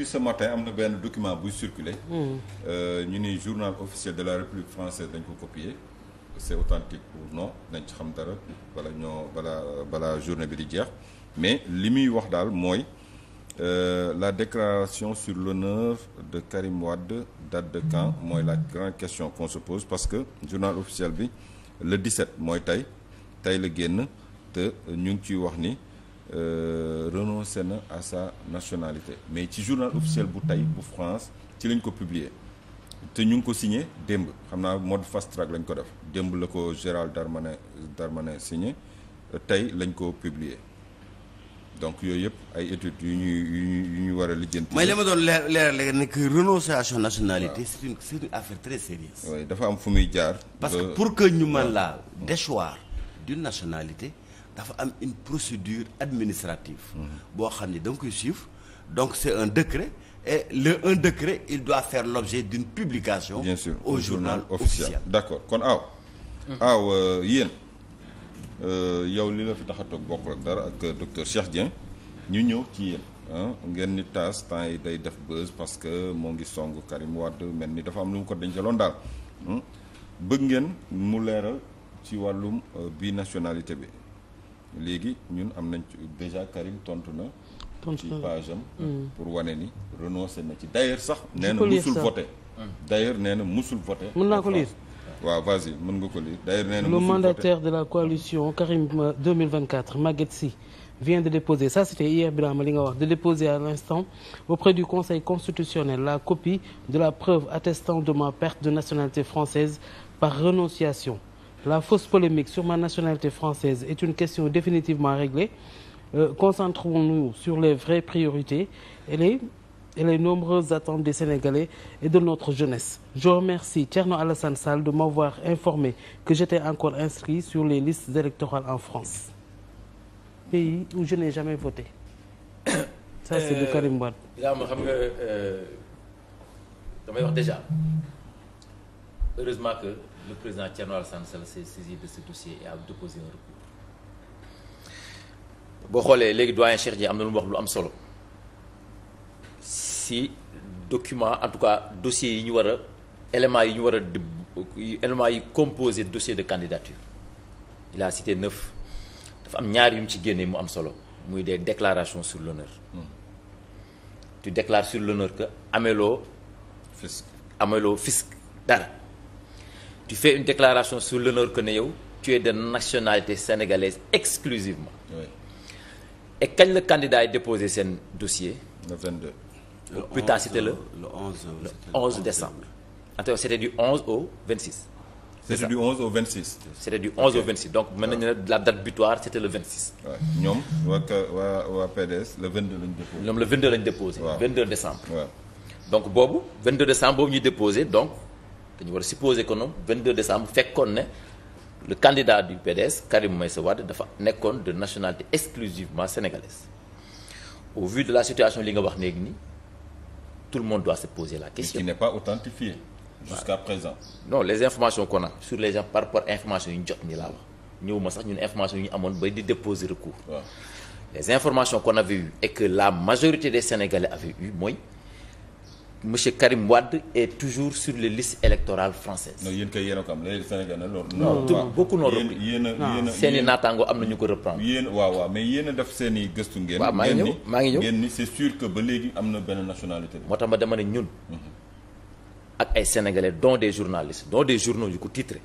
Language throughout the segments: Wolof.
depuis ce matin am na benn document buy circuler euh, ñu ni journal officiel de la République française dañ ko copier c'est authentique ou no nañ ci xam dara bala ñoo bala bala journée bi di jeex mais li muy wax daal mooy euh, la déclaration sur l'honneur de Karim Wade date de quand mooy la grande question qu'on se pose parce que journal officiel bi le 17 mooy tey tey la génn te ñu ngi ciy wax ni Euh, renoncé na à sa nationalité mais ci journal officiel bu tey bu France ci lañ ko publier te ñu ngi ko signé démb xam naa mode fast track lañ ko def démb la ko Gérald Darmanin Darmanin signé tey lañ ko publier donc yooyu yëpp ay études yu ñuy yu ñu war a lijjanti. mais li ma doon leer leer léegi nekk renonciation nationalité. c'est une c'est une affaire très sérieuse. dafa am fu muy jaar. parce que pour que ñu mën laa déchoir d'une nationalité. dafa am une procédure administrative mmh. boo xam ni da koy suivre donc c'est un décret et le un décret il doit faire l'objet d'une publication bien sûr au journal officiel d'accord kon aaw mmh. aaw yéen euh, yow li la fi tax a toog bokk rek dara ak euh, docteur Cheikh Dieng ñu ñëw ci yéen ngeen ni taas temps yi day def buzz parce que moo ngi song Karim Wade mel ni dafa am lu mu ko dencaloon daal bëgg ngeen mu leeral ci wàllum euh, bi nationalité bi léegi ñun am nañ déjà Karim tontu na. tontu ci page am. Hmm. ni renoncé na sax. nee na musul voté. Hmm. d'ailleurs nee na musul voté. mën naa ko lire waaw vas mën nga ko lire d'ailleurs nee na musul voté. le mandataire de la coalition Karim 2024 euh, Maguette Sy. vient de déposer ça li nga wax de déposer à l'instant auprès du Conseil la copie de la preuve attestant de ma perte de nationalité française par renonciation la fausse polémique sur ma nationalité française est une question définitivement réglée euh, concentrons-nous sur les vraies priorités et les et les nombreuses attentes des Sénégalais et de notre jeunesse. Je remercie Thierno Alassane Sall de m'avoir informé que j'étais encore inscrit sur les listes électorales en France. Pays où je n'ai jamais voté. Ça c'est de euh, Karim Wade. Là ma xam nga euh, damay wax déjà heureusement que lu président Thierno Alassane Sall s'est saisi de ce dossier et a déposé un recours. boo xoolee léegi doyen Cheikh ji am na lu mu wax lu am solo si document en tout cas dossier yi ñu war a éléments yi ñu war a éléments yi composé dossier de candidature il a cité neuf dafa am ñaar yu mu ci génnee mu am solo muy des déclarations sur l'honneur hmm. tu déclares sur l'honneur que ameloo fisc ameloo fisc dara tu fais une déclaration sur l'honneur que ne yow tu es de nationalité sénégalaise exclusivement oui. et kañ la seen dossier le 22 le le le 11 le 11 décembre attends c'était du au 26 c'était du 11 au 26 c'était du 11 okay. au 26 donc mën nañu ne la le 26 waaw ñoom waa waa waa PDS le 22 ñoom le 22 lañ déposé 22 décembre ouais. donc boobu 22 décembre boobu ñuy déposé donc dañu war a supposer que noonu 22 décembre fekkoon ne le candidat du PDS Karim Meïssa Wade dafa nekkoon de nationalité exclusivement sénégalaise au vu de la situation li nga wax léegi nii tout le monde doit se la question. mais qui n'est les informations qu'on a su les gens par rapport information yu ñu jot nii laa wax ñëwuma sax ñun information yu ñu amoon bay di déposer recours. les informations qu'on avait et que la majorité de Sénégalais avaient eues mooy. monsieur Karim Wade est toujours sur les listes électorales françaises. non yéen kay ko am léegi Sénégal loolu. non beaucoup noo repris yéen yéen seen i naataango am na ñu ko reprendre. yéen waaw waaw mais yéen a def seen gëstu. ngeen maa ngi ñëw maa ngi ñëw am na benn nationalité. moo tax ma dama ne ñun. ak ay sénégalais dont des journalistes dont des journaux yu ko titré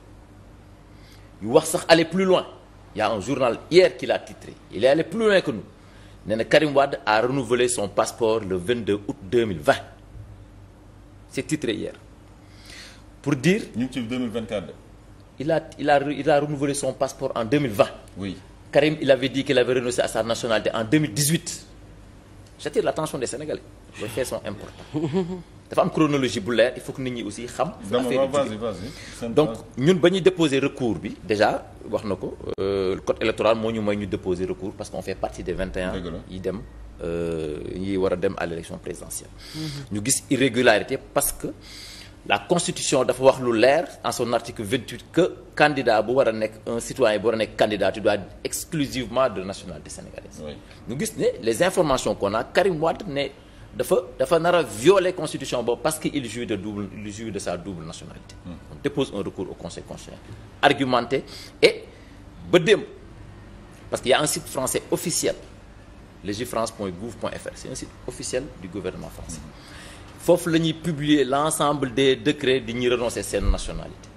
yu wax sax aller plus loin il y un journal hier qui l'a titré il est allé plus loin que nous nee na Karim Wade a renouvelé son passeport le 22 août 2020. c'est titré hier pour dire. ñu ngi ci 2024 de. il a il a renouvelé son passeport en 2020. oui Karim il avait dit qu'il avait renoncé à sa nationalité en 2018. j'attire l'attention des Sénégalais les faits sont importants dafa am chronologie bu leer il faut que nit ñi aussi xam. affaire yi donc ñun ba ñuy déposer recours bi déjà wax na ko. Euh, code électoral moo ñu may ñu déposer recours parce qu'on fait partie des 21. yi dem. Euh, ñi war a dem à l'élection présidentielle mhm. ñu gis irrégularité parce que la constitution dafa wax lu leer en son article 28 que candidat bu war a nekk un citoyen bu war a nekk candidat tu dois exclusivement de nationalité sénégalaise ñu gis ne les informations qu'on a Karim Wade ne dafa dafa nar a violer constitution boobu parce que il jouit de double il de sa double nationalité mhm. on dépose un recours au conseil constitutionnel argumenté et ba démb parce que y a un site legifrance.gouv.fr c'est un site officiel du gouvernement français foofu lañuy ñuy publier l'ensemble des décrets di ñuy renoncer seen nationalité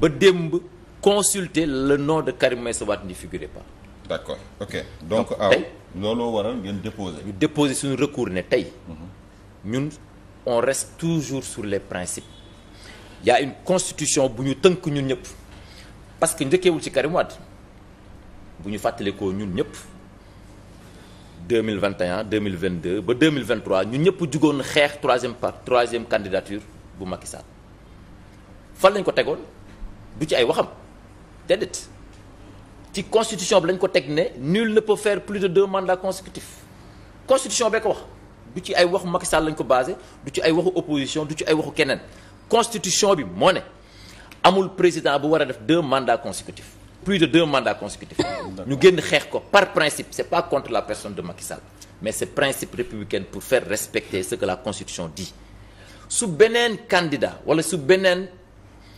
ba démb consulter le nom de Karim Meïssa Wade n'y figurait pas d'accord ok donc aw ah, looloo waral ngeen déposer ñu déposer suñu recours ne tey mhm. ñun on reste toujours sur les principes il une constitution bu ñu tënk ñun ñëpp parce que njëkkeewul ci Karim Wade bu ñu fàttalikoo ñun ñëpp deux mille vingt et un deux mille vingt ba deux mille vingt trois ñun ñëpp jugoon xeex troisième part troisième candidature bu Macky Sall fan lañ ko tegoon du ci ay waxam déedéet ci constitution bi lañ ko teg ne nul ne peut faire plus de deux mandats consécutifs constitution bee ko wax du ci ay waxu Macky Sall lañ ko basé du ci ay waxu opposition du ci ay waxu keneen constitution bi moo ne amul président bu war a def deux mandats consécutifs. plus de deux mandats consécutifs ñu génn xeex ko par principe c'est pas contre la personne de Macky Sall mais c'est principe républicain pour faire respecter ce que la constitution dit su beneen candidat wala su beneen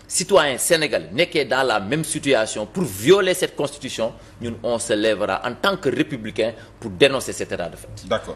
citoyen sénégalais nekkee dans la même situation pour violer cette constitution ñun on se lèvera en tant que républicain pour dénoncer cet état de fait.